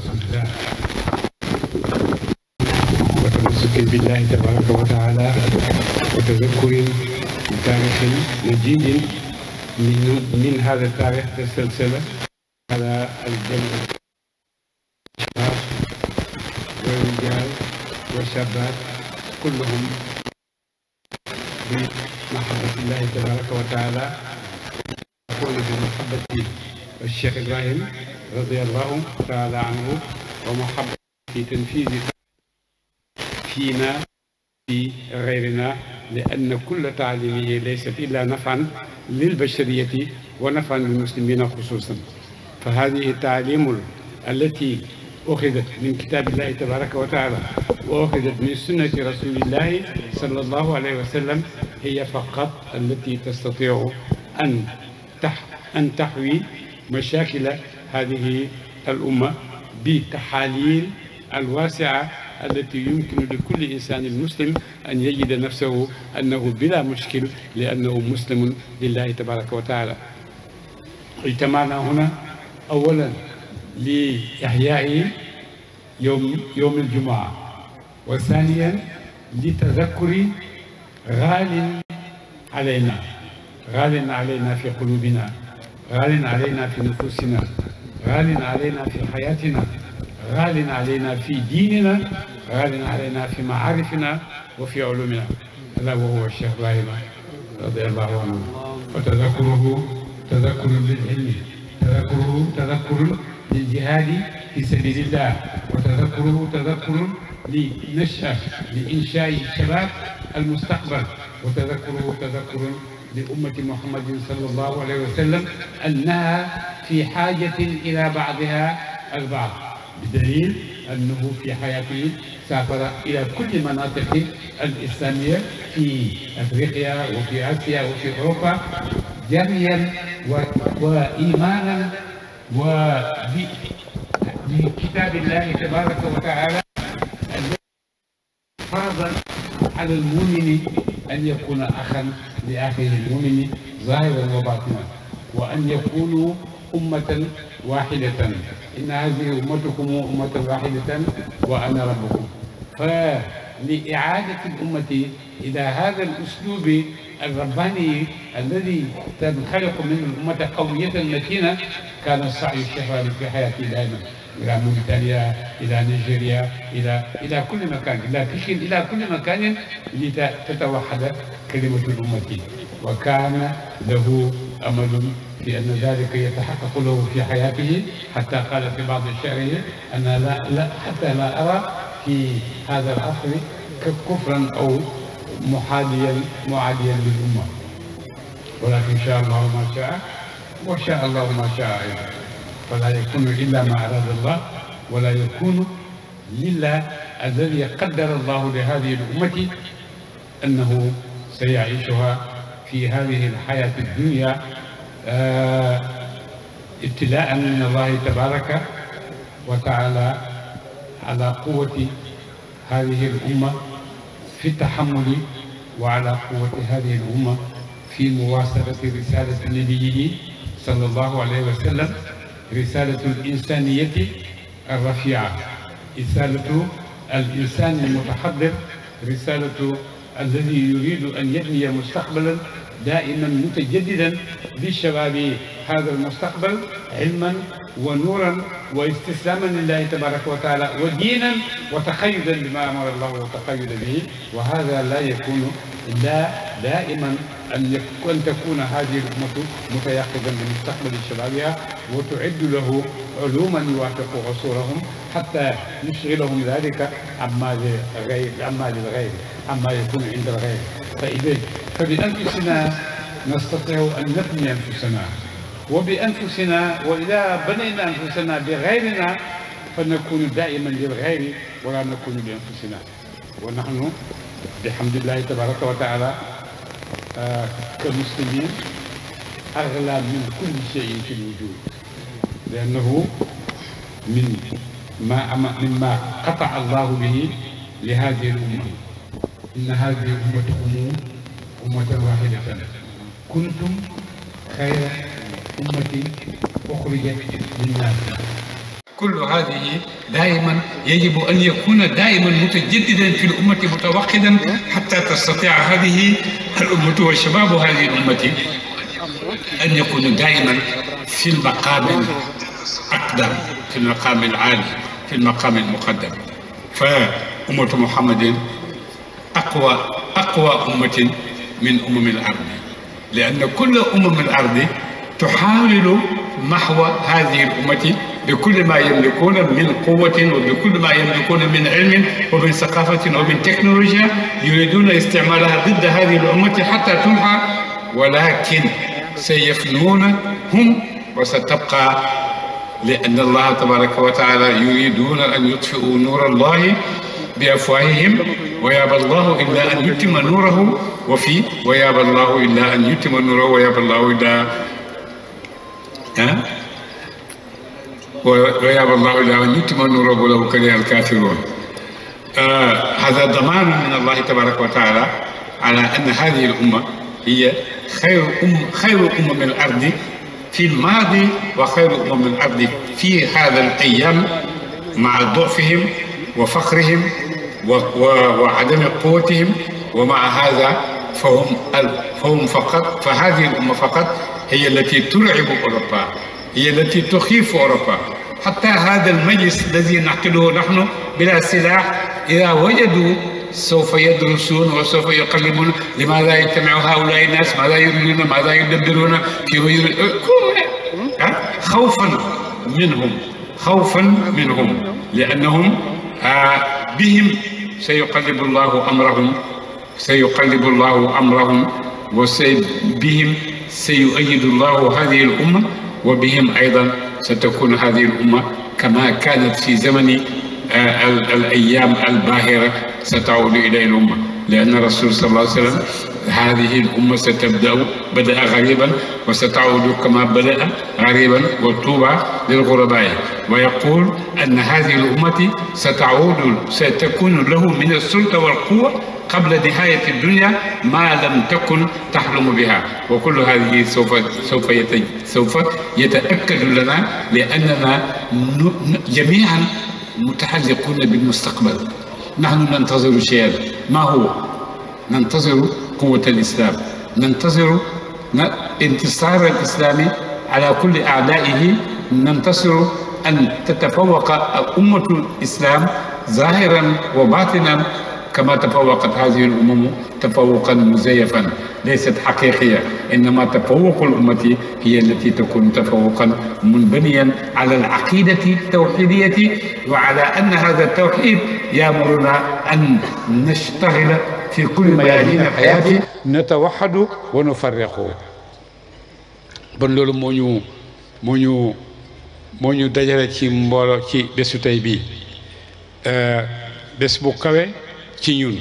والصدقاء وتمسك بالله تبارك وتعالى وتذكر تاريخ مجيد من, من هذا التاريخ تسلسل على الجنة الشباب والرجال والشابات كلهم بمحبة الله تبارك وتعالى يكون بمحبة الشيخ إبراهيم radiyallahu taala anhu wa muhabba fi tanfidi fiina fi gayrina li anna kulla taalimihi laysat illa nafan lilbashariyati wa nafan lilmuslimina xusuusan fa hadihi taalimul allati أخذت من كتاب الله تبارك وتعالى وأخذت من سنة رسول الله صلى الله عليه وسلم هي فقط التي تستطيع أن أن تحوي مشاكل هذه الأمة بتحاليل الواسعة التي يمكن لكل إنسان مسلم أن يجد نفسه أنه بلا مشكل لأنه مسلم لله تبارك وتعالى اجتمعنا هنا أولا لإحياء يوم يوم الجمعة وثانيا لتذكر غال علينا غال علينا في قلوبنا غال علينا في نفوسنا غال علينا في حياتنا غال علينا في ديننا غال علينا في معارفنا وفي علومنا هذا وهو الشيخ ابراهيم رضي الله عنه وتذكره تذكر للعلم تذكره تذكر للجهاد في سبيل الله وتذكره تذكر لنشأة لإنشاء شباب المستقبل وتذكره تذكر لأمة محمد صلى الله عليه وسلم أنها في حاجة إلى بعضها البعض بدليل أنه في حياته سافر إلى كل مناطق الإسلامية في أفريقيا وفي آسيا وفي أوروبا جريا وإيمانا وبكتاب الله تبارك وتعالى فرضا على المؤمن أن يكون أخا لأخيه المؤمن ظاهرا وباطنا وأن يكونوا أمة واحدة إن هذه أمتكم أمة واحدة وأنا ربكم فلإعادة الأمة إلى هذا الأسلوب الرباني الذي تنخلق منه الأمة قوية متينة كان السعي الشفاء في حياتي دائما إلى موريتانيا إلى نيجيريا إلى إلى كل مكان إلى تشين إلى كل مكان لتتوحد كلمة الأمة وكان له أمل في أن ذلك يتحقق له في حياته حتى قال في بعض شعره أنا لا, لا حتى لا أرى في هذا العصر كفرا أو محاديا معاديا للأمة ولكن شاء الله ما شاء وشاء الله ما شاء أيضا فلا يكون إلا ما أراد الله ولا يكون إلا الذي قدر الله لهذه الأمة أنه سيعيشها في هذه الحياة الدنيا ابتلاء من الله تبارك وتعالى على قوة هذه الأمة في التحمل وعلى قوة هذه الأمة في مواصلة رسالة نبيه صلى الله عليه وسلم risalatul insaniyati arrafia risalatu al insani almutahadir risalatu alladi yuridu an yabniya mustaqbalan daiman mutajadidan bichababi hada almustaqbal ilman wa nuuran wa istislaaman lillahi tabaraka wa taala wa diinan wa taxayudan bima amara allahu wa taxayuda bihi wa hada la yakunu illa daiman أن يكون تكون هذه الأمة متيقظا بمستقبل شبابها وتعد له علوما يوافق عصورهم حتى يشغلهم ذلك عما للغير عما للغير عما يكون عند الغير فإذا فبأنفسنا نستطيع أن نبني أنفسنا وبأنفسنا وإذا بنينا أنفسنا بغيرنا فنكون دائما للغير ولا نكون لأنفسنا ونحن بحمد الله تبارك وتعالى كمسلمين أغلى من كل شيء في الوجود لأنه من ما مما قطع الله به لهذه الأمة إن هذه أمتكم أمة واحدة كنتم خير أمة أخرجت للناس كل هذه دائما يجب أن يكون دائما متجددا في الأمة متوقدا حتى تستطيع هذه الأمة وشباب هذه الأمة أن يكونوا دائما في المقام الأقدم في المقام العالي في المقام المقدم فأمة محمد أقوى أقوى أمة من أمم الأرض لأن كل أمم الأرض تحاول محو هذه الأمة بكل ما يملكون من قوة وبكل ما يملكون من علم ومن ثقافة ومن تكنولوجيا يريدون استعمالها ضد هذه الأمة حتى تمحى ولكن سيفنون هم وستبقى لأن الله تبارك وتعالى يريدون أن يطفئوا نور الله بأفواههم ويابى الله إلا أن يتم نوره وفي ويابى الله إلا أن يتم نوره ويابى الله إلا ها ويأبى الله إلا أن يتم نوره ولو كره الكافرون هذا ضمان من الله تبارك وتعالى على أن هذه الأمة هي خير أم خير أمة من الأرض في الماضي وخير أمة من الأرض في هذا الأيام مع ضعفهم وفقرهم وعدم قوتهم ومع هذا فهم فهم فقط فهذه الأمة فقط هي التي ترعب أوروبا هي التي تخيف أوروبا حتى هذا المجلس الذي نعقده نحن بلا سلاح إذا وجدوا سوف يدرسون وسوف يقلبون لماذا يجتمع هؤلاء الناس ماذا يريدون ماذا يدبرون كيف يريدون خوفا منهم خوفا منهم لأنهم بهم سيقلب الله أمرهم سيقلب الله أمرهم وبهم سيؤيد الله هذه الأمة وبهم أيضا ستكون هذه الأمة كما كانت في زمن الأيام الباهرة ستعود إلى الأمة لأن الرسول صلى الله عليه وسلم هذه الأمة ستبدأ بدأ غريبا وستعود كما بدأ غريبا والطوبى للغرباء ويقول أن هذه الأمة ستعود ستكون له من السلطة والقوة قبل نهاية الدنيا ما لم تكن تحلم بها وكل هذه سوف سوف سوف يتأكد لنا لأننا جميعا متعلقون بالمستقبل نحن ننتظر شيئا ما هو ننتظر قوة الإسلام ننتظر انتصار الإسلام على كل أعدائه ننتصر أن تتفوق أمة الإسلام ظاهرا وباطنا كما تفوقت هذه الأمم تفوقا مزيفا ليست حقيقية إنما تفوق الأمة هي التي تكون تفوقا منبنيا على العقيدة التوحيدية وعلى أن هذا التوحيد يأمرنا أن نشتغل في كل ميادين الحياة نتوحد ونفرق bon loolu moo ñu moo ñu moo ñu dajale ci mbooloo ci bésu tey bii bés bu kawe ci ñun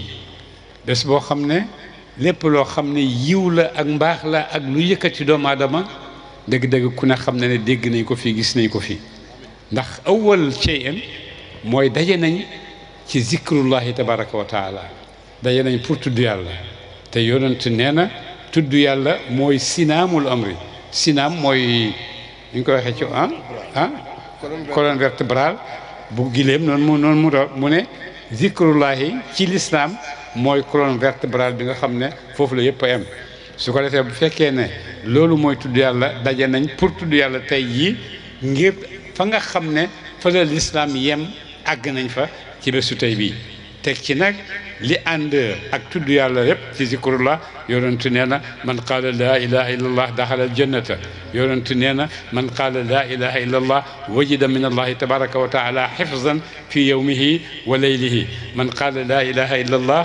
bés boo xam ne lépp loo xam ne yiw la ak mbaax la ak lu yëkkati doomu aadama dëgg-dëgg ku ne xam ne ne dégg nañ ko fii gis nañ ko fii ndax awwal cheyan mooy daje nañ ci zikrullahi tabaraka wa daje nañ pour tudd yàlla te yonent nee na tudd yàlla mooy sinaamul amri sinaam mooy ñu koy waxee ci ah ah colonne vertébrale bu giléem noonu mu noonu mu ne zikrullahi ci lislaam mooy colonne vertébrale bi nga xam ne foofu la yëpp a am su ko defee bu fekkee ne loolu mooy tudd yàlla daje nañ pour tudd yàlla tey jii ngir fa nga xam ne fa la lislaam yem àgg nañ fa ci bésu tey bii teg ci nag li ànd ak tudd yàlla yépp ci zikrullah yonentu nee na man qaala laa ilaha illa allah daxala aljannata yonentu nee na man qaala laa ilaha illa allah wajida min allahi tabaraka wa taala xifzan fi yowmihi wa leylihi man qaala laa ilaha illa allah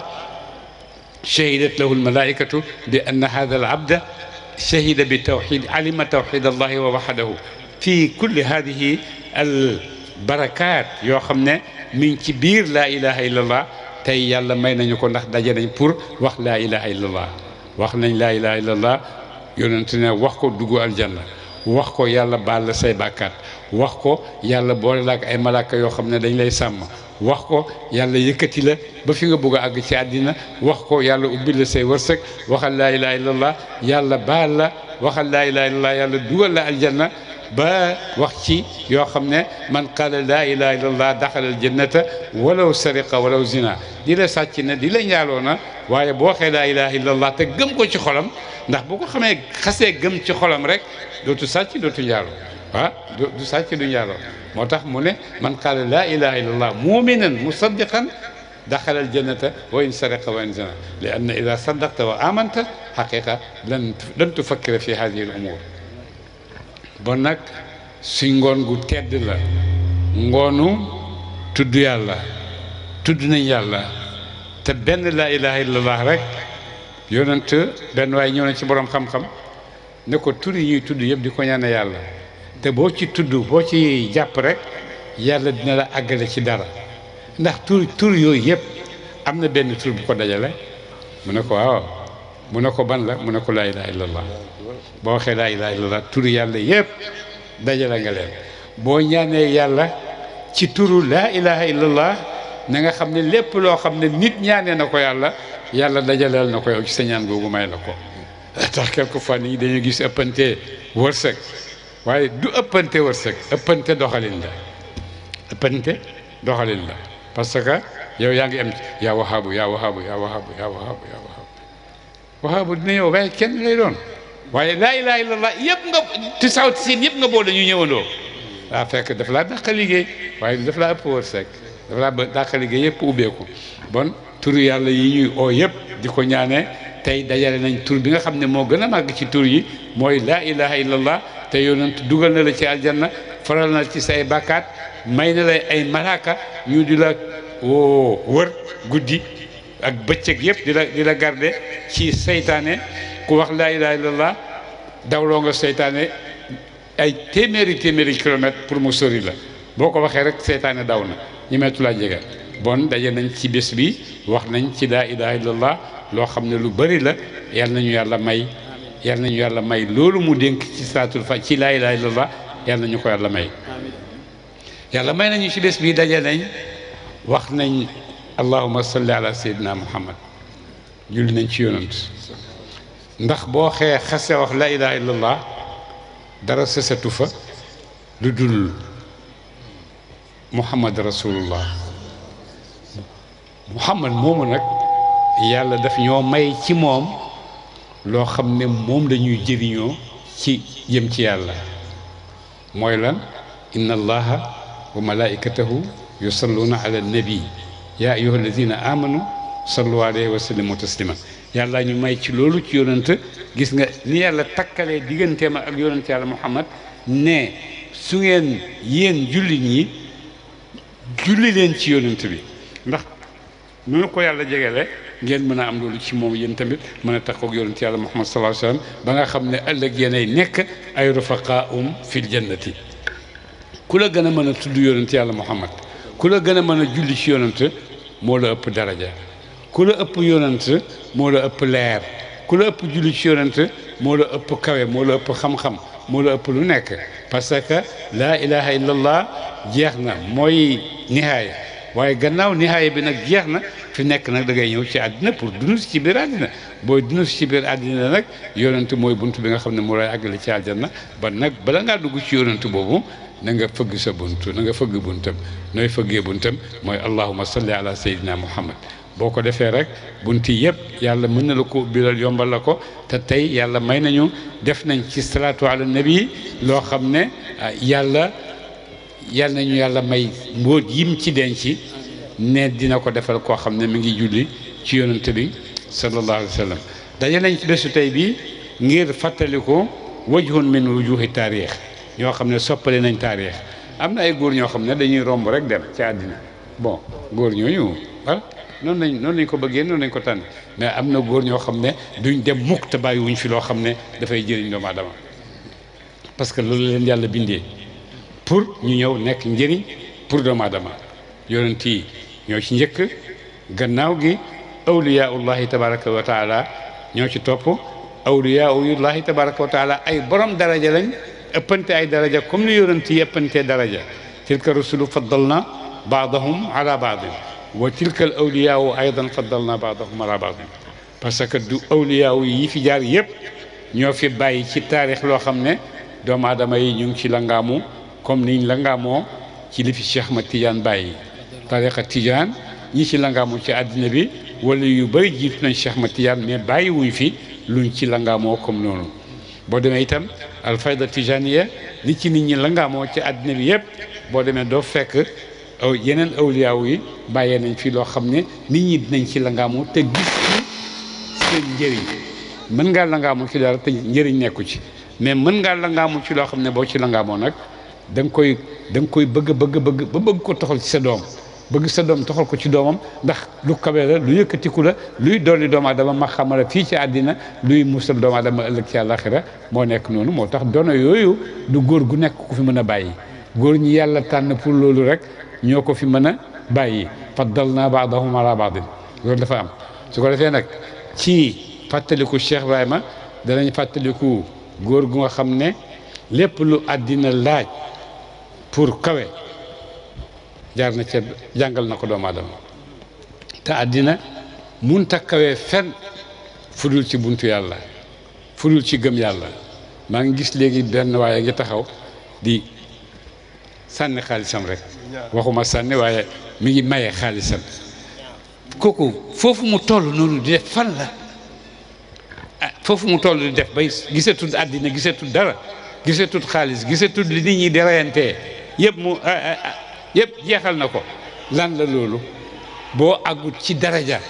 shahidat lahu almalaikatu bi anna hada alabda shahida bi tawxid alima tawxid allahi wa waxdahu fi kulli hadihi al barakat yoo xam ne mi ngi ci biir laa ilaha illa allah tey yàlla may nañu ko ndax daje nañ pour wax laa ilaha illallah wax nañ laa ilaha illallah yonent ne wax ko dugg aljanna wax ko yàlla baal la say bàkkaat wax ko yàlla boole la ak ay malaaka yoo xam ne dañ lay sàmm wax ko yàlla yëkkati la ba fi nga bëgg a àgg ci àddina wax ko yàlla ubbi la say wërsëg waxal laa ilaha illallah yàlla baal la waxal laa ilaha illallah yàlla dugal la aljanna ba wax ci yoo xam ne man qaala laa ilaha illallah daxala al jannata walaw sariqa walaw zina di la sàcc na di la njaaloo na waaye boo waxee laa ilaha illallah te gëm ko ci xolam ndax bu ko xamee xasee gëm ci xolam rek dootu sàcc dootu njaaloo ah du sàcc du njaaloo moo tax mu ne man qaala laa ilaha illallah muminan musaddiqan daxala al jannata wa in sariqa wa in zina li anna ida saddaqta wa amanta xaqiqa lan lan tufakkira fi hadihi al umur bon nag si ngoon gu tedd la ngoonu tudd yàlla tudd nañ yàlla te benn laa ilaha illallah rek yonent benn waaye ñëw na ci boroom xam-xam ne ko tudd yi ñuy tudd yëpp di ko ñaane yàlla te boo ci tudd boo ci jàpp rek yàlla dina la àggale ci dara ndax tur tur yooyu yëpp am na benn tur bu ko dajale mu ne ko waaw mu ne ko ban la mu ne ko laa ilaha illallah boo waxee laa ilaha illallah turu yàlla yëpp nga leen boo ñaanee yàlla ci turu laa ilaha illallah nga xam ne lépp loo xam ne nit ñaanee na ko yàlla yàlla dajaleel na ko yow ci sa ñaan googu may la ko tax gis ëppante wërsëg waaye du ëppante wërsëg ëppante doxalin la doxalin parce que yow yaa ngi am yaa waxaabu yaa waxaabu yaa waxaabu yaa waxaabu yaa waxaabu waaw bu dina ñëw waaye kenn lay doon waaye laa ilaaha illallah yëpp nga ti saw ti siin yëpp nga boole ñu ñëwandoo daa fekk daf laa dàq liggéey waaye daf laa ëpp wërsëg daf laa dàq liggéey yëpp ubbeeku bon tur yàlla yi ñuy oo yëpp di ko ñaanee tey dajale nañ tur bi nga xam ne moo gën a màgg ci tur yi mooy laa ilaaha illallah te yonent dugal na la ci aljanna faral na ci say bàkkaat may na lay ay malaaka ñu di la wër guddi ak bëccëg yëpp di la di garde ci seytaane ku wax laa ilaha illallah dawloo nga seytaane ay téeméeri téeméeri kilomètre pour mu sori la boo ko waxee rek seytaane daw na ñu meetu laa jega bon daje nañ ci bés bi wax nañ ci laa ilaha illallah loo xam ne lu bëri la yal nañu yàlla may yal nañu yàlla may loolu mu dénk ci saatul fa ci laa ilaha illallah yal nañu ko yàlla may yàlla may nañu ci bés bi daje wax nañ allahuma salli ala sayyidina muhammad julli nañ ci yonant ndax boo xee xase wax la ilaha illallah dara sësatu fa lu dul muhammad rasulullah muhammad moomu nag yàlla daf ñoo may ci moom loo xam ne moom lañuy jëriñoo ci jëm ci yàlla mooy lan inna allaha wa malaikatahu yusalluna ala nabi yaa ayyuha alladina amanu sallu alayhi wa sallimu taslima yàlla ñu may ci loolu ci yoonant gis nga ni yàlla takkalee digganteema ak yonent yàlla muhammad ne su ngeen yéen julli ñi julli leen ci yonent bi ndax noonu ko yàlla jege jegele ngeen mën a am loolu ci moom yéen tamit mën a takkook yonent yàlla muhammad sallallahu alayhi ba nga xam ne ëllëg yéenay nekk ay rufaqaum fil jannati ku la gën a mën a tudd yonent yàlla muhammad ku la gën a mën a julli ci yonant moo la ëpp daraja ku la ëpp yoonant moo la ëpp leer ku la ëpp julli ci yonant moo la ëpp kawe moo la ëpp xam-xam moo la ëpp lu nekk parce que laa ilaha illallah jeex na mooy nihaaya waaye gannaaw nihaaya bi nag jeex na fi nekk nag da ngay ñëw ci àddina pour dund ci biir àddina booy dund ci biir àddina nag yonent mooy bunt bi nga xam ne moo lay àggale ci àjjana ba nag bala ngaa dugg ci yoonant boobu na nga fëgg sa bunt na nga fëgg buntam nooy fëggee buntam mooy allahuma salli ala sayyidina muhammad boo ko defee rek yi yëpp yàlla mën na la ko ubbilal yombal la ko te tey yàlla may nañu def nañ ci salaatu ala nabi loo xam ne ah, yàlla yàlla nañu yàlla may mbóot yim ci denc ne dina ko defal koo xam ne mi ngi julli ci yonante bi sallallahu alayhi wa nañ ci bésu tey bi ngir fàttaliku wajhun min wujuhi taarix ñoo xam ne soppali nañ taarix am na ay góor ñoo xam ne dañuy romb rek dem ci àddina bon góor ñooñu voilà noonu lañ noonu lañ ko bëggee noonu lañ ko tànn mais am na góor ñoo xam ne duñ dem mukk te bàyyiwuñ fi loo xam ne dafay jëriñ doomu aadama parce que loolu leen yàlla bindee pour ñu ñëw nekk njëriñ pour doomu aadama yonent yi ñoo ci njëkk gannaaw gi awliyaullahi tabaraka wa taala ñoo ci topp awliyaullahi tabaraka wa ay borom daraja lañ ëppante ay daraja comme ni yonent yi ëppantee daraja tilka rusulu faddalna baadahum ala baadin wa tilka al awliyaawu aydan faddalna baadahum ala baadin parce que du awliyaawu yi fi jaar yëpp ñoo fi bàyyi ci taarix loo xam ne doomu aadama yi ñu ngi ci langaamu comme niñ langaamoo ci li fi Cheikh ma Tidiane bàyyi tariqa Tidiane ñi ci langaamu ci àddina bi wala yu bëri jiitu nañ Cheikh ma Tidiane mais bàyyi wuñ fi luñ ci langaamoo comme noonu boo demee itam alfayda tijaniya li ci nit ñi langaamoo ci àddina bi yëpp boo demee doo fekk aw yeneen awliyaaw yi bàyyee nañ fi loo xam ne nit ñi dinañ ci langaamoo nga amoo te gis ci seen njëriñ mën ngaa la nga amoo ci dara te njëriñ nekku ci mais mën ngaa la nga ci loo xam ne boo ci langaamoo nag da koy danga koy bëgg bëgg bëgg ba bëgg ko toxal ci sa doom bëgg sa doom toxal ko ci doomam ndax lu kawe la lu yëkkatiku la luy dolli doomu adama ma xamala fii ci àddina luy musal doomu adama ëllëg ci àllaaxira moo nekk noonu moo tax dono yooyu du góor gu nekk ku fi mën a bàyyi góor ñi yàlla tànn pour loolu rek ñoo ko fi mën a bàyyi faddal naa baadahum ala baadin loolu dafa am su ko defee nag ci fàttaliku Cheikh ma danañu fàttaliku góor gu nga xam ne lépp lu àddina laaj pour kawe jaar na ca jàngal na ko doomu aadama te àddina mun takkawee fenn fudul ci buntu yàlla fudul ci gëm yàlla maa ngi gis léegi benn waaye ngi taxaw di sànni xaalisam rek waxuma sànni waaye mi ngi maye xaalisam kooku foofu mu toll noonu di def fan la ah, foofu mu toll di def bay gisatul àddina gisatul dara gisatul xaalis gisatul li nit ñi di reyantee mu ah, ah, yépp jeexal na ko lan la loolu boo àggut ci daraja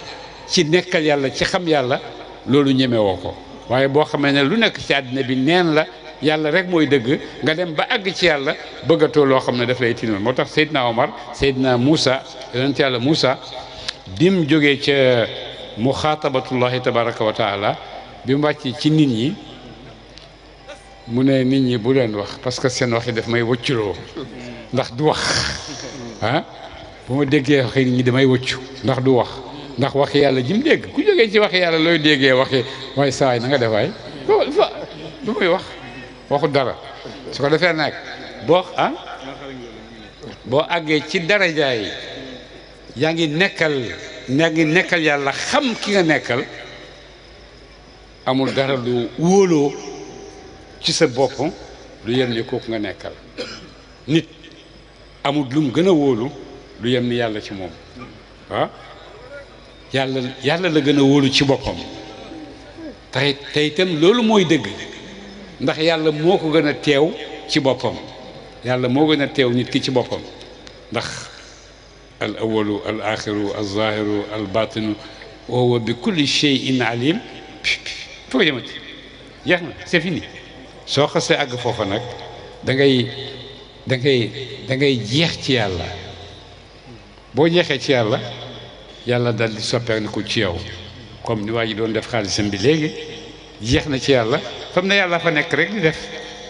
ci nekkal yàlla ci xam yàlla loolu ñemewoo ko waaye boo xamee ne lu nekk ci àddina bi neen la yàlla rek mooy dëgg nga dem ba àgg ci yàlla bëggatoo loo xam ne daf lay tinoon moo tax Seydina Omar Seydina Moussa yonent yàlla Moussa bim jógee ca muxaatabatullahi tabaraka wa taala bi mu wàcc ci nit ñi mu ne nit ñi bu leen wax parce que seen wax yi daf may wëcculoo ndax du wax ah bu ma déggee waxi ñi damay wëccu ndax du wax ndax waxi yàlla ji mu dégg ku jógee ci waxi yàlla looy déggee waxi waaye saay na nga def lu muy wax waxu dara su ko defee nag boo ah àggee ci darajaay yaa ngi nekkal yaa nekkal yàlla xam ki nga nekkal amul dara du wóoloo ci sa bopp lu yem ni kooku nga nekkal nit amul lu mu gën a wóolu lu yem ni yàlla ci moom waaw yàlla yàlla la gën a wóolu ci boppam tey tey loolu mooy dëgg ndax yàlla moo ko gën a teew ci boppam yàlla moo gën a teew nit ki ci boppam ndax al awalu al axiru al zahiru al batinu wa huwa bi kulli shay'in alim foo jëmati jeex na c'est soo xasee àgg foofa nag da dangay ngay jeex ci yàlla boo jeexee ci yàlla yàlla dal di soppeeku ci yow comme ni waa ji doon def xaalisam bi léegi jeex na ci yàlla fam na yàlla fa nekk rek di def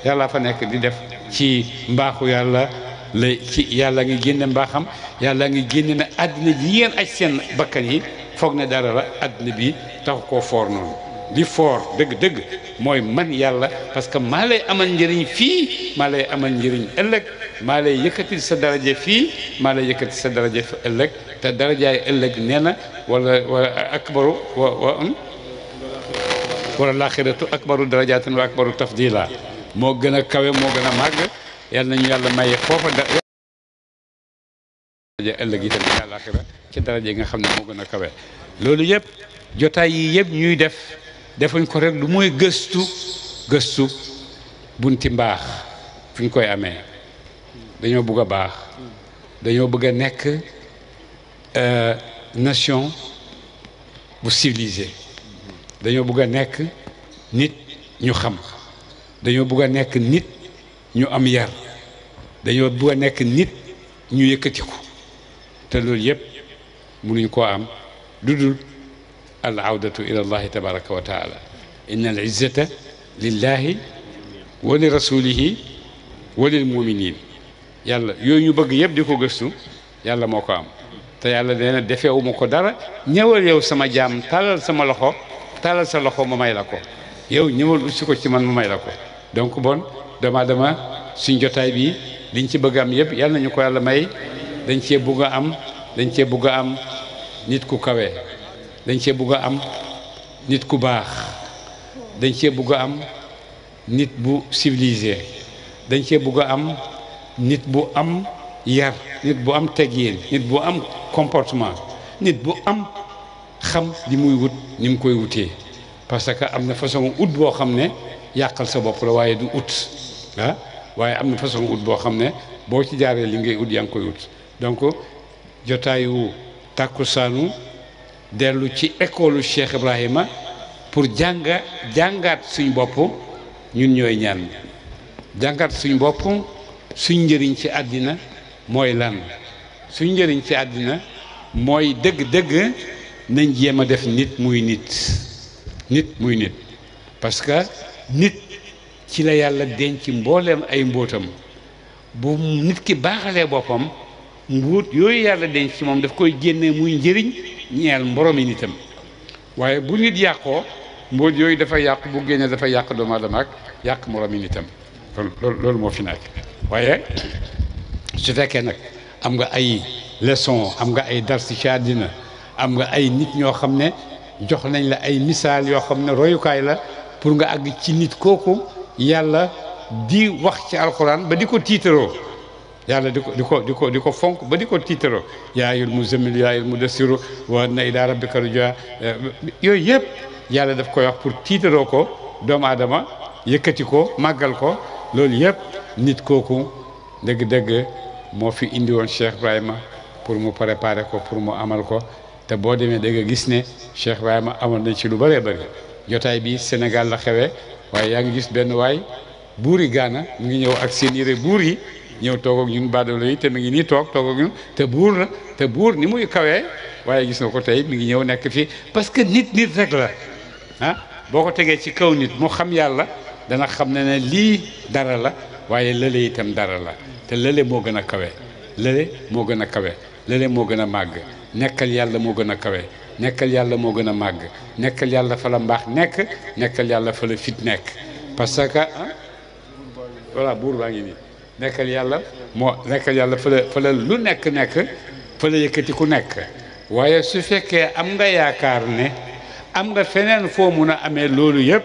yàlla fa nekk di def ci mbaaxu yàlla la ci yàlla ngi génne mbaaxam yàlla ngi génne na àddina ji yéen aj seen bakkan yi foog na dara la àddina bi taxu ko foor noonu li fort dëgg-dëgg mooy man yàlla parce que maa lay amal njëriñ fii maa lay amal njëriñ ëllëg maa lay yëkkati sa daraja fii maa lay yëkkati sa daraja fa ëllëg te darajaay ëllëg nee na wala wala akbaru wa wa um, wala laaxiratu akbaru darajaatan wa akbaru tafdila moo gën a kawe moo gën a màgg yal nañu yàlla maye foofa daraja ëllëg yi tamit àllaaxira ci daraja nga xam ne moo gën a kawe loolu yëpp jotaay yi yëpp ñuy def defuñ ko rek lu mooy gëstu gëstu bunti mbaax fu ñu koy amee dañoo bugg a baax dañoo bëgg a nekk euh, nation bu civilisée dañoo bëgg a nekk nit ñu xam dañoo bugg a nekk nit ñu am yar dañoo bugg a nekk nit ñu yëkkatiku te loolu yëpp mënuñ koo am dudul al awdatu ila allahi tabaraka wa taala inna al izzata lillahi wa li rasulihi wa lil muminin yàlla yooyu ñu bëgg yëpp di ko gëstu yàlla moo ko am te yàlla nee na defeewuma ko dara ñëwal yow sama jaam tàllal sama loxo tàllal sa loxo ma may la ko yow ñëwal utsi ci man ma may la ko donc bon dama dama suñ jotaay bi liñ ci bëgg am yëpp yàlla nañu ko yàlla may dañ cee bugg a am dañ cee bugg a am nit ku kawe dañ cee bugg a am nit ku baax dañ cee bugg a am nit bu civilisé dañ cee bugg a am nit bu am yar nit bu am teggin nit bu am comportement nit bu am xam li muy wut ñu mu koy wutee parce que am na façon ut boo xam ne yàqal sa bopp la waaye du ut ah waaye am na façon ut boo xam ne boo ci jaaree li ngay ut yaa ngi koy ut donc jotaayu tàkkusaanu dellu ci école Cheikh Ibrahima pour jànga jàngaat suñ bopp ñun ñooy ñaan jàngaat suñ bopp suñ njëriñ ci àddina mooy lan suñ njëriñ ci àddina mooy dëgg-dëgg nañ jéem a def nit muy nit nit muy nit parce que nit ci la yàlla deñ ci mbooleem ay mbóotam bu nit ki baaxalee boppam mbóot yooyu yàlla denc ci moom daf koy génnee muy njëriñ ñeel mboroomi nitam waaye bu nit yàqoo mbóot yooyu dafa yàq bu génnee dafa yàq doomu aadama yàq moroomi nitam loolu loolu moo fi nekk waaye su fekkee nag am nga ay leçon am nga ay dars ci àddina am nga ay nit ñoo xam ne jox nañ la ay misaal yoo xam ne royukaay la pour nga àgg ci nit kooku yàlla di wax ci alxuraan ba di ko tiitaroo yàlla di ko di ko di ko di ko fonk ba di ko tiitaro yaayul mu zëmil yaayul mu dasiru waa na ilaa rabbika rujaa eh, yooyu yëpp yàlla def ko wax pour tiitaroo ko doomu aadama yëkkati ko màggal ko loolu yëpp nit kooku dëgg-dëgg moo fi indi woon Cheikh ma pour mu préparer ko pour mu amal ko te boo demee da nga gis ne Cheikh ma amoon nañ ci lu bëree bëri jotaay bi Sénégal la xewee waaye yaa ngi gis benn waay buur yi Gaana mu ngi ñëw ak seen yére buur yi ñëw toog ak ñun baadoolo yi te mi ngi nii toog toog ñun te buur la te buur ni muy kawee waaye gis nga ko tey mi ngi ñëw nekk fii parce que nit nit rek la ah, boo ko tegee ci kaw nit mu xam yàlla dana xam ne ne lii dara la waaye lële itam dara la te lële moo gën a kawe lële moo gën a kawe lële moo gën a màgg nekkal yàlla moo gën a kawe nekkal yàlla moo gën a màgg nekkal yàlla fa la mbaax nekk nekkal yàlla fa la fit nekk parce que ah, voilà buur baa ngi nii nekkal yàlla moo nekkal yàlla fa la fa la lu nekk nekk fa la yëkkati ku nekk waaye su fekkee am nga yaakaar ne am nga feneen foo mun a amee loolu yëpp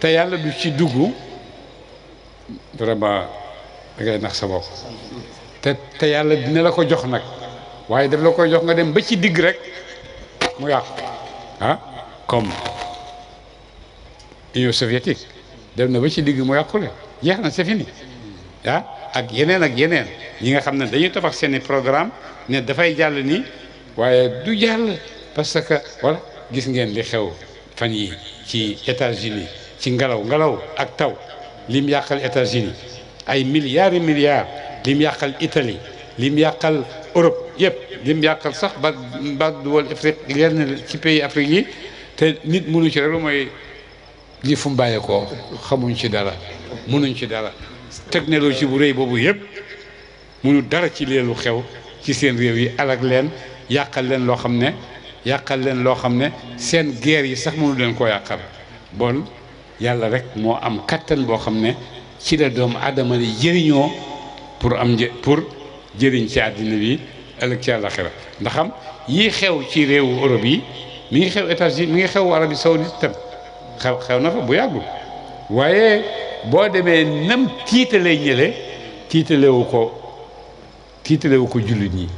te yàlla du ci dugg vraiment da ngay sa bopp te te yàlla dina la ko jox nag waaye daf la koy jox nga dem ba ci digg rek mu yàqu ah comme Union soviétique dem na ba ci digg mu yàqule jeex na c'est fini ah? ak yeneen ak yeneen yi nga xam ne dañuy tabax seeni programme ne dafay jàll nii waaye du jàll parce que wala gis ngeen li xew fan yi ci états ci ngelaw ngelaw ak taw lim yàqal États-Unis ay milliards et milliards lim yàqal Italie lim yàqal Europe yëpp lim yàqal sax ba ba duwal Afrique yenn ci pays Afrique yi te nit mënu ci rek mooy li fu mu bàyyeekoo xamuñ ci dara mënuñ ci dara technologie bu rëy boobu yëpp munu dara ci leelu xew ci seen réew yi alag leen yàqal leen loo xam ne yàqal leen loo xam ne seen guerre yi sax mënu leen koo yàqal bon yàlla rek moo am kattan boo xam ne ci la doomu aadama di jëriñoo pour am një pour jëriñ ci àddina bi ëllëg ci àllaxira ndax am yii xew ci réewu Europe yi mi ngi xew États-Unis mi ngi xew Arabie Saoudite tam xew xew na fa bu yàggul waaye boo demee nam tiitalee ñële tiitalewu ko tiitalewu ko jullit ñi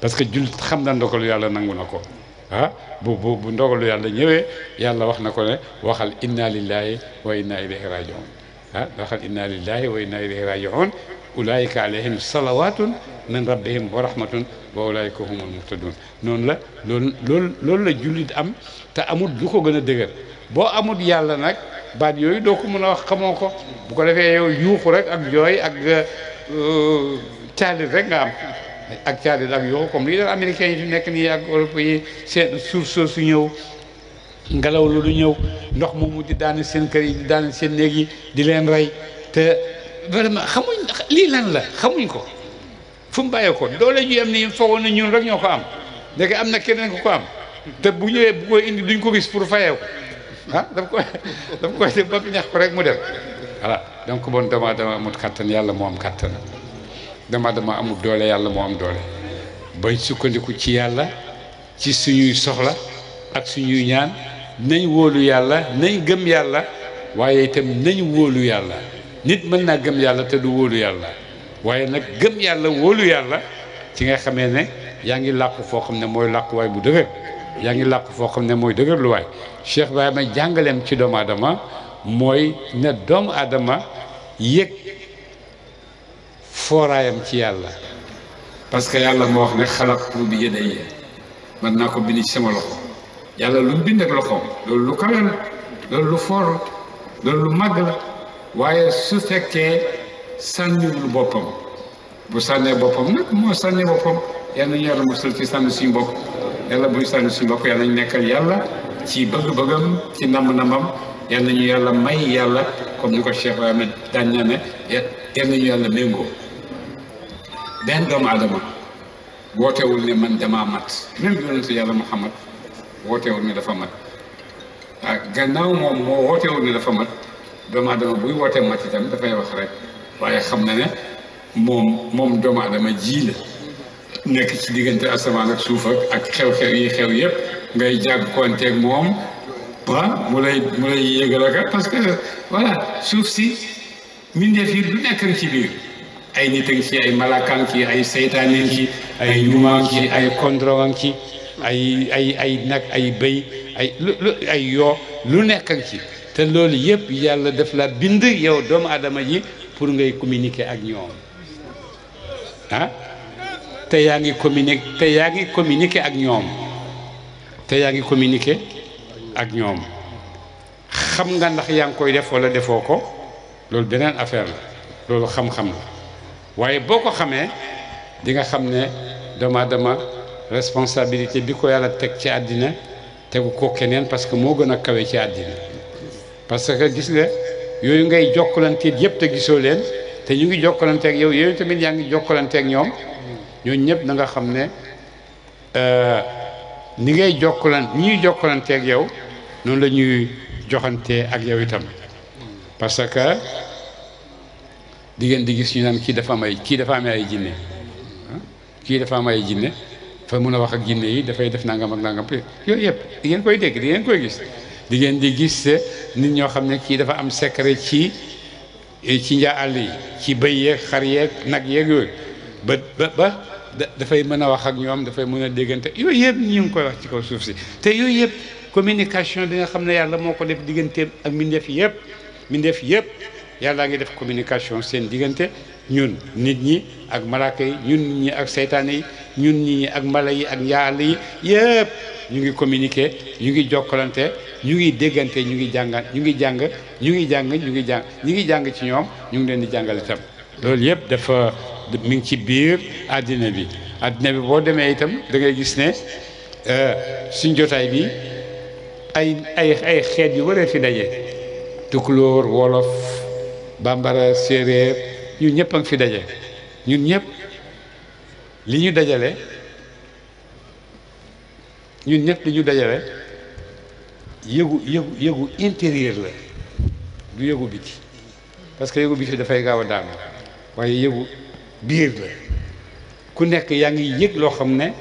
parce que jullit xam na ndogalu yàlla nangu na ko ah, bu bu bu ndogalu yàlla ñëwee yàlla wax na ko ne waxal inna lillahi wa inna ilayhi rajiun ah waxal inna lillahi wa inna ilayhi rajiun ulaayika alayhim salawaatun min rabbihim wa rahmatun wa ulaayika humul muhtadun noonu la loolu la jullit am te amul lu ko gën a dëgër boo amul yàlla nag baat yooyu doo ko mën a wax xamoo ko bu ko defee yow yuuxu rek ak jooy ak euh, caalit rek nga am ak caalit ak yuuxu comme lii américains yi fi nekk nii ak Europe yi seen suuf ñëw ngelaw lu ñëw ndox moomu di daane seen kër yi seen néeg di leen rey te vraiment xamuñ lii lan la xamuñ ko fu mu bàyyee ko doole ju am ni foogoon na ñun rek ñoo ko am ndeke am na keneen ku ko am te bu ñëwee bu koy indi duñ ko gis pour fayee ah ko koy daf koy def ba ñax ko rek mu dem voilà donc bon dama dama amut kàttan yàlla moo am kattan dama dama amut doole yàlla moo am doole bañ sukkandiku ci yàlla ci suñuy soxla ak suñuy ñaan nañ wóolu yàlla nañ gëm yàlla waaye itam nañ wóolu yàlla nit mën naa gëm yàlla te du wóolu yàlla waaye nag gëm yàlla wóolu yàlla ci nga xamee ne yaa ngi làqu foo xam ne mooy làquwaay bu dëgër yaa ngi làkk foo xam ne mooy dëgërluwaay Cheikh Ibrahima jàngaleem ci doomu adama mooy ne doomu aadama yëg fooraayam ci yàlla parce que yàlla moo wax ne xalaqtu bi yadayya mën naa ko bind ci sama loxo yàlla lu mu bind ak loolu lu kawe la loolu lu lu màgg waaye su fekkee sànniwul boppam bu sànnee boppam nag moo sànnee boppam yal nañu yàlla musal ci sànni suñu bopp yàlla buy sànni si bopp yàlla nañu nekkal yàlla ci bëgg-bëggam ci namb-nambam yàlla nañu yàlla may yàlla comme ni ko Cheikh Ahmed daan ñaane yàlla nañu yàlla méngoo benn doomu aadama wootewul ne man damaa mat même yonente yàlla Muhammad wootewul ne dafa mat ah gannaaw moom wootewul ne dafa mat doomu buy wootee mat waaye xam na ne moom moom doomu aadama ji la nekk ci diggante asamaan ak suuf ak ak xew-xew yi xew yëpp ngay jànkuwanteeg moom ah mu lay mu lay yëgalaka parce que voilà suuf si mbindeef yi du nekk ci biir ay nit ay malakaan ci ay seytaan ci ay ñumaan ci ay kondrowan ci ay ay nag ay bëy ay lu lu ay nekk ci te loolu yëpp yàlla daf la bind yow doomu aadama ji pour ngay communiquer ak ñoom ah? te yaa ngi communiqué te yaa ngi communiqué ak ñoom te yaa ngi communiqué ak ñoom xam nga ndax yaa ngi koy def wala defoo ko loolu beneen affaire la loolu xam-xam waaye boo ko xamee di nga xam ne doomu aadama responsabilité bi ko yàlla teg ci àddina tegu ko keneen parce que moo gën a kawe ci àddina parce que gis nga yooyu ngay jokkalante yëpp te gisoo leen te ñu ngi jokkalante ak yow yooyu tamit yaa ngi jokkalante ak ñoom ñooñu ñëpp nanga xam ne euh, ni ngay jokkalan ni ñuy jokkalanteeg yow noonu la ñuy joxantee ak yow itam parce que di ngeen di gis ñu naan kii dafa am ay dafa amee jinne ah, kii dafa am ay jinne dafa a wax ak jinne yi dafay def nga nangam ak nangam yooyu yëpp di ngeen koy dégg di koy gis di ngeen di gis nit ñoo xam ne kii dafa am secret ci ci njaa àll yi ci bëy yeeg xar yeeg nag yeeg yooyu ba ba dafay mën a wax ak ñoom dafay mën a déggante yooyu yëpp ñu ngi koy wax ci kaw suuf si te yooyu yëpp communication bi nga xam ne yàlla moo ko def digganteem ak mbindeef yëpp mbindeef yëpp yàllaa ngi def communication seen diggante ñun nit ñi ak malaaka yi ñun nit ñi ak seytaane yi ñun nit ñi ak mala yi ak njaal yi yëpp ñu ngi communiquer ñu ngi jokkalante ñu ngi déggante ñu ngi jàngal ñu ngi jàng ñu ngi jàng ñu ngi jàng ñu ngi jàng ci ñoom ñu ngi leen di jàngal itam loolu yëpp dafa mi ngi ci biir àddina bi àddina bi boo demee itam dangay gis ne euh, suñ jotaay bi ay ay ay xeet yu waree fi daje tukulóor wolof bambara séeréer ñun ñëpp a fi daje ñun ñëpp li ñu dajale ñun ñëpp li ñu dajale yëgu yëgu yëgu intérieur la du yëgu biti parce que yëgu biti dafay gaaw a daanu waaye yëgu biir la ku nekk yaa ngi yëg loo xam ne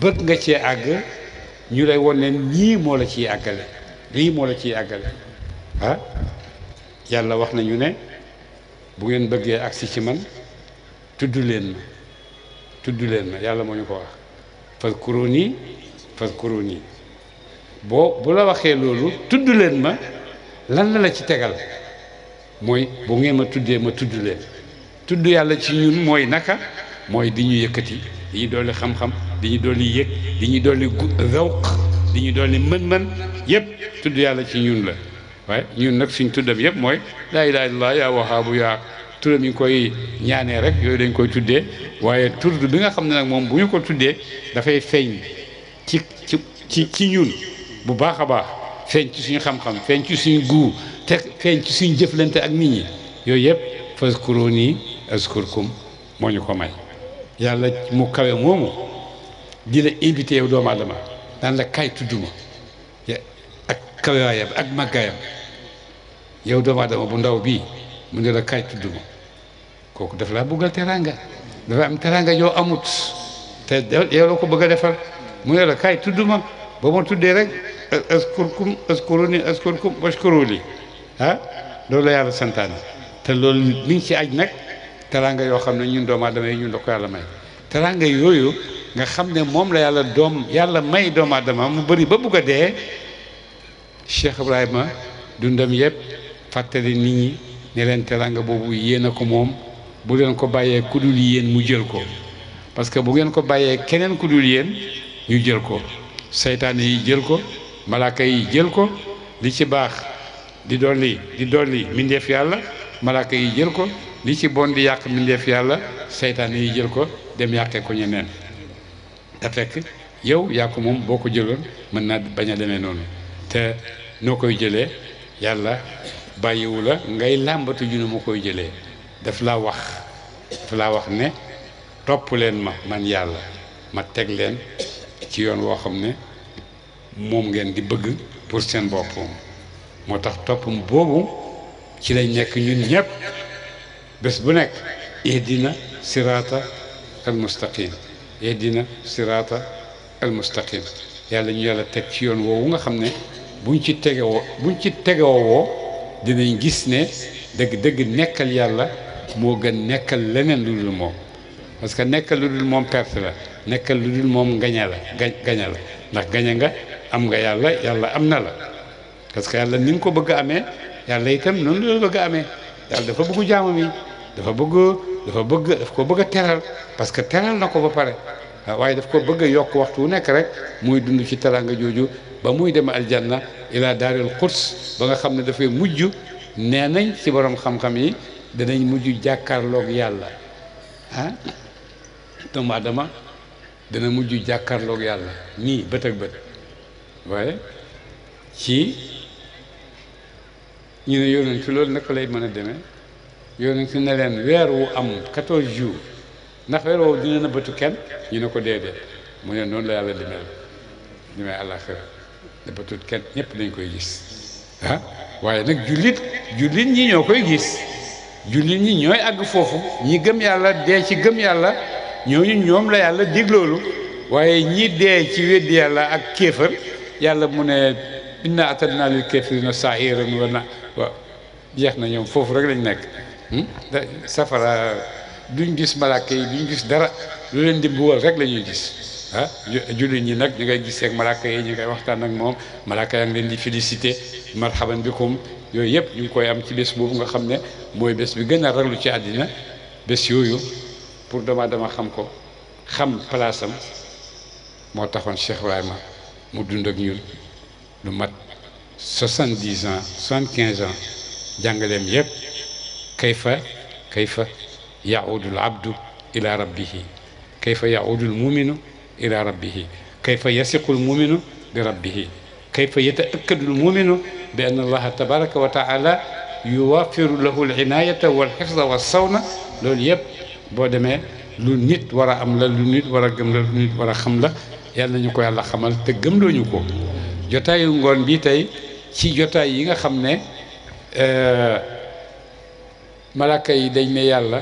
bëgg nga cee àgg ñu lay won leen lii moo la ciy àggale lii moo la ciy àggale ah yàlla wax nañu ne bu ngeen bëggee agsi ci man tudd leen ma tudd leen ma yàlla moo ñu ko wax fazkuruni fazkuruni boo bu la waxee loolu tudd leen ma lan la la ci tegal mooy bu ngeen ma tuddee ma tudd leen tudd yàlla ci ñun mooy naka mooy di ñu yëkkati di ñu dolli xam-xam di ñu dolli yëg di ñu dolli zawq di ñu dolli mën-mën yëpp tudd yàlla ci ñun la waaye ñun nag suñ tuddam yëpp mooy laa ilaaha illallaah yaa wahaabu yaa turam yi ñu koy ñaanee rek yooyu dañ koy tuddee waaye tur bi nga xam ne nag moom bu ñu ko tuddee dafay feeñ ci ci ci ci ñun bu baax a baax feeñ ci suñu xam-xam feeñ ci suñu guu te feeñ ci suñu jëflante ak nit ñi yooyu yëpp fas kuróon yi askurkum moo ñu ko may yàlla mu kawe moomu di la invité yow doomu aadama la kaay tudduma ak kawewaayam ak màggaayam yow bu ndaw bii mu ne la kaay tudduma kooku daf laa bëggal teraanga dafa am teraanga yoo amut te yow ko bëgg a defar mu ne la kaay tudduma ba ma tuddee rek askurkum askuruni askurkum li ah loolu la yàlla santaane te loolu mi aj nag teraanga yoo xam ne ñun doomu aadama yi ñun da ko yàlla may teraanga yooyu nga xam ne moom la yàlla doom yàlla may doomu adama mu bari ba bugg a dee Cheikh Ibrahima dundam yëpp fàttali nit ñi ne leen teraanga boobu yéen a ko moom bu leen ko bàyyee ku dul yéen mu jël ko parce que bu ngeen ko bàyyee keneen ku dul yéen ñu jël ko seytaane yi jël ko malaaka yi jël ko li ci baax di dolli di dolli mbindeef yàlla malaaka yi jël ko li ci bon di yàq mbindeef yàlla seytaane yi jël ko dem yàqee ko ñeneen te fekk yow yaa ko moom boo ko jëloon mën naa bañ a demee noonu te noo koy jëlee yàlla bàyyiwu la ngay làmbatu ju ne ma koy jëlee daf laa wax daf laa wax ne topp leen ma man yàlla ma teg leen ci yoon woo xam ne moom ngeen di bëgg pour seen bopp moo tax topp boobu ci la nekk ñun ñëpp bés bu nekk ihdina siraata al mustaqim dina sirata al mustaqim yàlla ñu yàlla teg ci yoon woowu nga xam ne buñ ci tegewoo buñ ci tegewoo dinañ gis ne dëgg-dëgg nekkal yàlla moo gën nekkal leneen lu dul moom parce que nekkal lu dul moom perte la nekkal lu dul moom gaña la gaña la ndax gaña nga am nga yàlla yàlla am na la parce que yàlla ni nga ko bëgg amee yàlla itam noonu la bëgg amee yàlla dafa bëggu jaamam yi dafa bëgg dafa bëgg daf ko bëgg teral parce que teral na ko ba pare ah, waaye daf ko bëgg yokk waxtu wu nekk rek muy dund ci teranga jooju ba muy dem aljanna ila daaril quds ba nga xam ne dafay mujj nee nañ ci borom xam-xam yi danañ mujj jàkkaarloog yàlla ah doomu dana mujj jàkkaarloog yàlla nii bët ak bët waaye ci ñu ne yonent fi loolu naka lay mën a demee yoonu si ne leen weer wu am 14 jours ndax weer dina nëbbatu kenn ñu ne ko déedéet mu ne noonu la yàlla di mel di may kenn ñëpp dañ koy gis ah, waaye nag jullit jullit ñi ñoo koy gis jullit ñi ñooy àgg foofu ñi gëm yàlla dee ci gëm yàlla ñooñu ñoom la yàlla dig waaye ñi dee ci weddi yàlla ak kéefër yàlla mu ne inna atadna lil kaafiriina sa'iiran wa na jeex na ñoom foofu rek lañ nekk Hmm? safara duñ gis malaaka yi duñ gis dara lu leen di mbugal rek lañuy gis ah jullit ñi nag ñu ngay gisee malaaka yi ñu ngay waxtaan ak moom malaaka yaa ngi leen di félicité marhaban bikum yooyu yëpp ñu ngi koy am ci bés boobu nga xam ne mooy bés bi gën a raglu ci àddina bés yooyu pour dama dama xam ko xam palaasam moo taxoon Cheikh ma mu dund ak ñun lu mat soixante-dix ans soixante-quinze ans jàngaleem yëpp kayfa kayfa yaudul abdu ila rabbihi kayfa yaudul muminu ila rabbihi kayfa yasiqul muminu bi rabbihi kayfa yataakkadul muminu bi anna allaha tabaraka wa taala yuwafiru lahu alinayata walxifda walsawna loolu yëpp boo demee lu nit war a am la lu nit war a gëm la lu nit war a xam la yàlla nañu ko yàlla xamal te gëmlooñu ko jotaayu ngoon bi tey ci jotaay yi nga xam ne euh, malaka yi dañ ne yàlla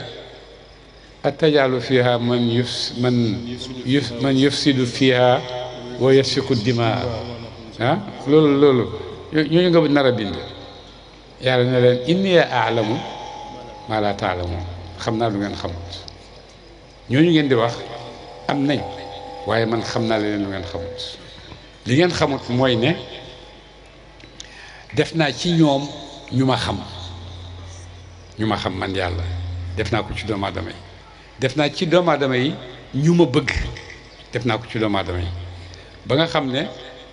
atajalu fiha man yus man yus man yufsidu fiha wa yasfiku dimaa ah loolu loolu ñooñu nga nar bind yàlla na leen inni aalamu maa laa taalamoon xam naa lu ngeen xamut ñooñu ngeen di wax am nañ waaye man xam naa leen lu ngeen xamut li ngeen xamut mooy ne def naa ci ñoom ñu ma xam ñu ma xam man yàlla def naa ko ci doomu aadama yi def naa ci doomu yi ñu ma bëgg def naa ko ci doomu yi ba nga xam ne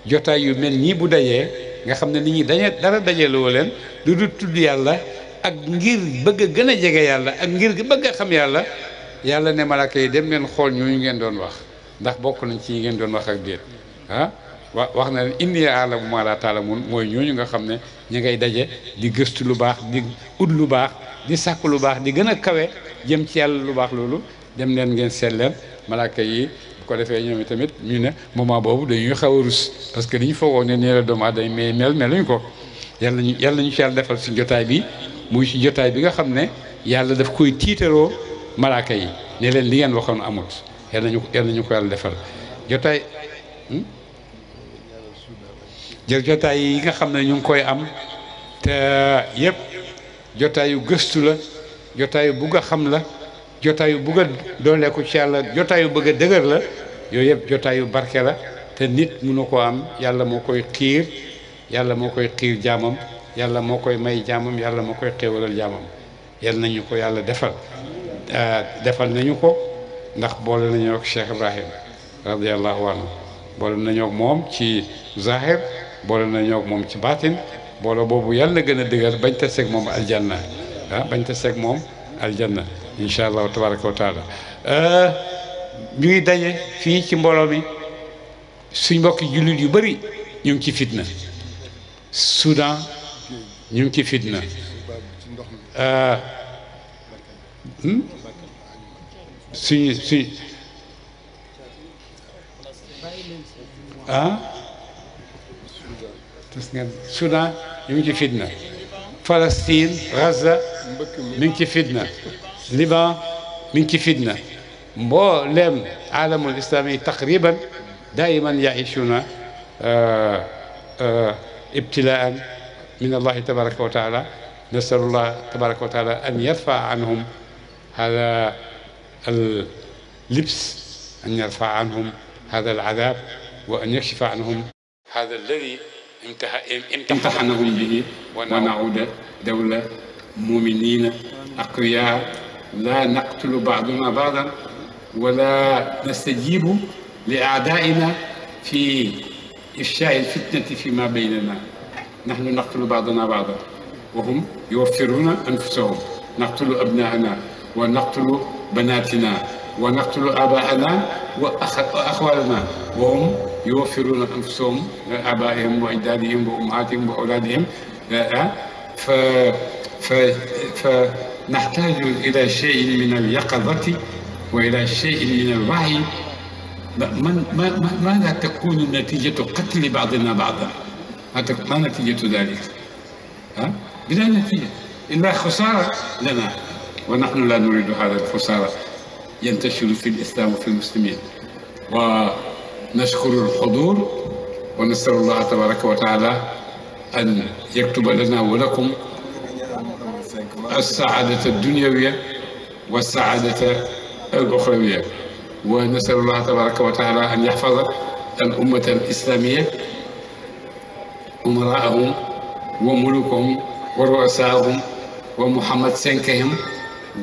jotaay yu mel nii bu dajee nga xam ne nit ñi dañee dara dajeeloo leen lu dul tudd yàlla ak ngir bëgg a gën a jege yàlla ak ngir bëgg a xam yàlla yàlla ne malaaka yi dem leen xool ñoo ñu ngeen doon wax ndax bokk nañ ci ñu ngeen doon wax ak déet ah wax na leen inni aalamu maa laa taalamuun mooy ñu nga xam ne ñu ngay daje di gëstu lu baax di di sàkku lu baax di gën a kawe jëm ci yàlla lu baax loolu dem leen ngeen seet leen malaaka yi ko defee ñoom tamit ñu ne moment boobu dañuy xaw rus parce que li ñu foogoon ne nee la doomu aadama mais mel meluñ ko yàlla ñu yàlla ñu ci yàlla defal si jotaay bi muy si jotaay bi nga xam ne yàlla daf koy tiitaroo malaaka yi ne leen li ngeen waxoon amut yàlla ñu yàlla ñu ko yàlla defal jotaay hmm? jël jotaay yi nga xam ne ñu ngi koy am te yëpp jotaayu gëstu la jotaayu bugg a xam la jotaayu bugg a dooleeku ci yàlla jotaayu bëgg a dëgër la yooyu yëpp jotaayu barke la te nit mu nu ko am yàlla moo koy xiir yàlla moo koy xiir jaamam yàlla moo koy may jaamam yàlla moo koy xéewalal jaamam yal ñu ko yàlla defal defal nañu ko ndax boole nañoo ak Cheikh Ibrahim radiyallahu anhu boole nañoo ak moom ci zahir boole nañoo ak moom ci baatin mbooloo boobu yàlla na gën a dëgër bañ te seeg moom aljanna ah bañ te moom aljanna incha allahu tabaraka wa taala euh, ñu daje fii ci mbooloo mi suñ mbokki jullit yu bari ñu ci fitna Soudan ñu ngi ci fitna euh, hmm? suñu suñ ah gis ngeen Soudan ñu ngi ci fitna Palestine Gaza mi ngi ci fitna Liban mi ngi ci fitna mbooleem aalamul islami taqriban daayiman yaishuuna euh, euh, ibtilaan min allahi tabaraka wa taala nasalullah tabaraka wa taala an yarfa anhum hada al libs an yarfa anhum hada al adab wa an yakshifa anhum hada alladi imtaxanahum bihi wa nauda dawla muminina aqwiyaa laa naqtulu baaduna baadan wala nastajibu li aadaina fi ifshaai alfitnati fi ma baynana nahnu naqtulu baaduna baadan wa hum yuwaffiruuna anfusahum naqtulu abnaana wa naqtulu banaatina wa naqtulu abaana wa axwaalana wa hum يوفرون أنفسهم آبائهم وأجدادهم وأمهاتهم وأولادهم ف ف فنحتاج إلى شيء من اليقظة وإلى شيء من الوعي من ما ماذا تكون نتيجة قتل بعضنا بعضا؟ ما نتيجة ذلك؟ ها؟ بلا نتيجة إلا خسارة لنا ونحن لا نريد هذا الخسارة ينتشر في الإسلام وفي المسلمين و نشكر الحضور ونسأل الله تبارك وتعالى أن يكتب لنا ولكم السعادة الدنيوية والسعادة الأخروية ونسأل الله تبارك وتعالى أن يحفظ الأمة الإسلامية أمراءهم وملوكهم ورؤساءهم ومحمد سنكهم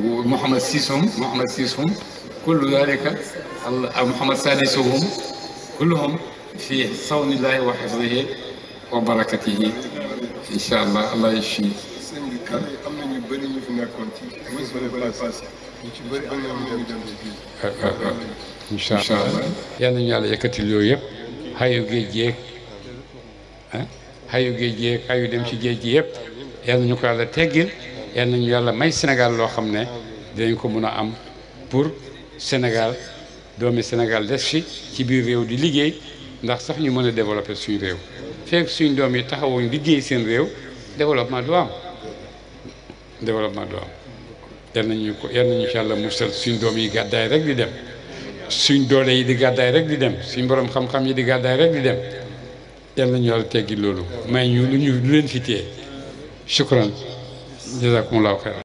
ومحمد سيسهم محمد سيسهم كل ذلك محمد سادسهم kulluhum fi sawnillahi wa xifdihi wa barakatihi incha allah allah fi nekkoon ci ci bëri am na ñu allah yal nañu yàlla yëkkatil yooyu yëpp xayu géej géeg ah xayu géej géeg dem ci géej gi yëpp yal nañu ko yàlla teggil yal nañu yàlla may Sénégal loo xam ne dinañ ko mun a am pour Sénégal doomi Sénégal des fi ci biir réew di liggéey ndax sax ñu mën a développer suñu réew fekk suñu doom yi taxawuñ liggéey seen réew développement du am développement du am nañu ko yal nañu ci yàlla musal suñ doom yi gàddaay rek di dem suñ doole yi di gàddaay rek di dem suñ borom xam-xam yi di gàddaay rek di dem yal nañu yàlla teggi loolu may ñu lu ñu lu leen fi téye shukran jazakumullahu xeyran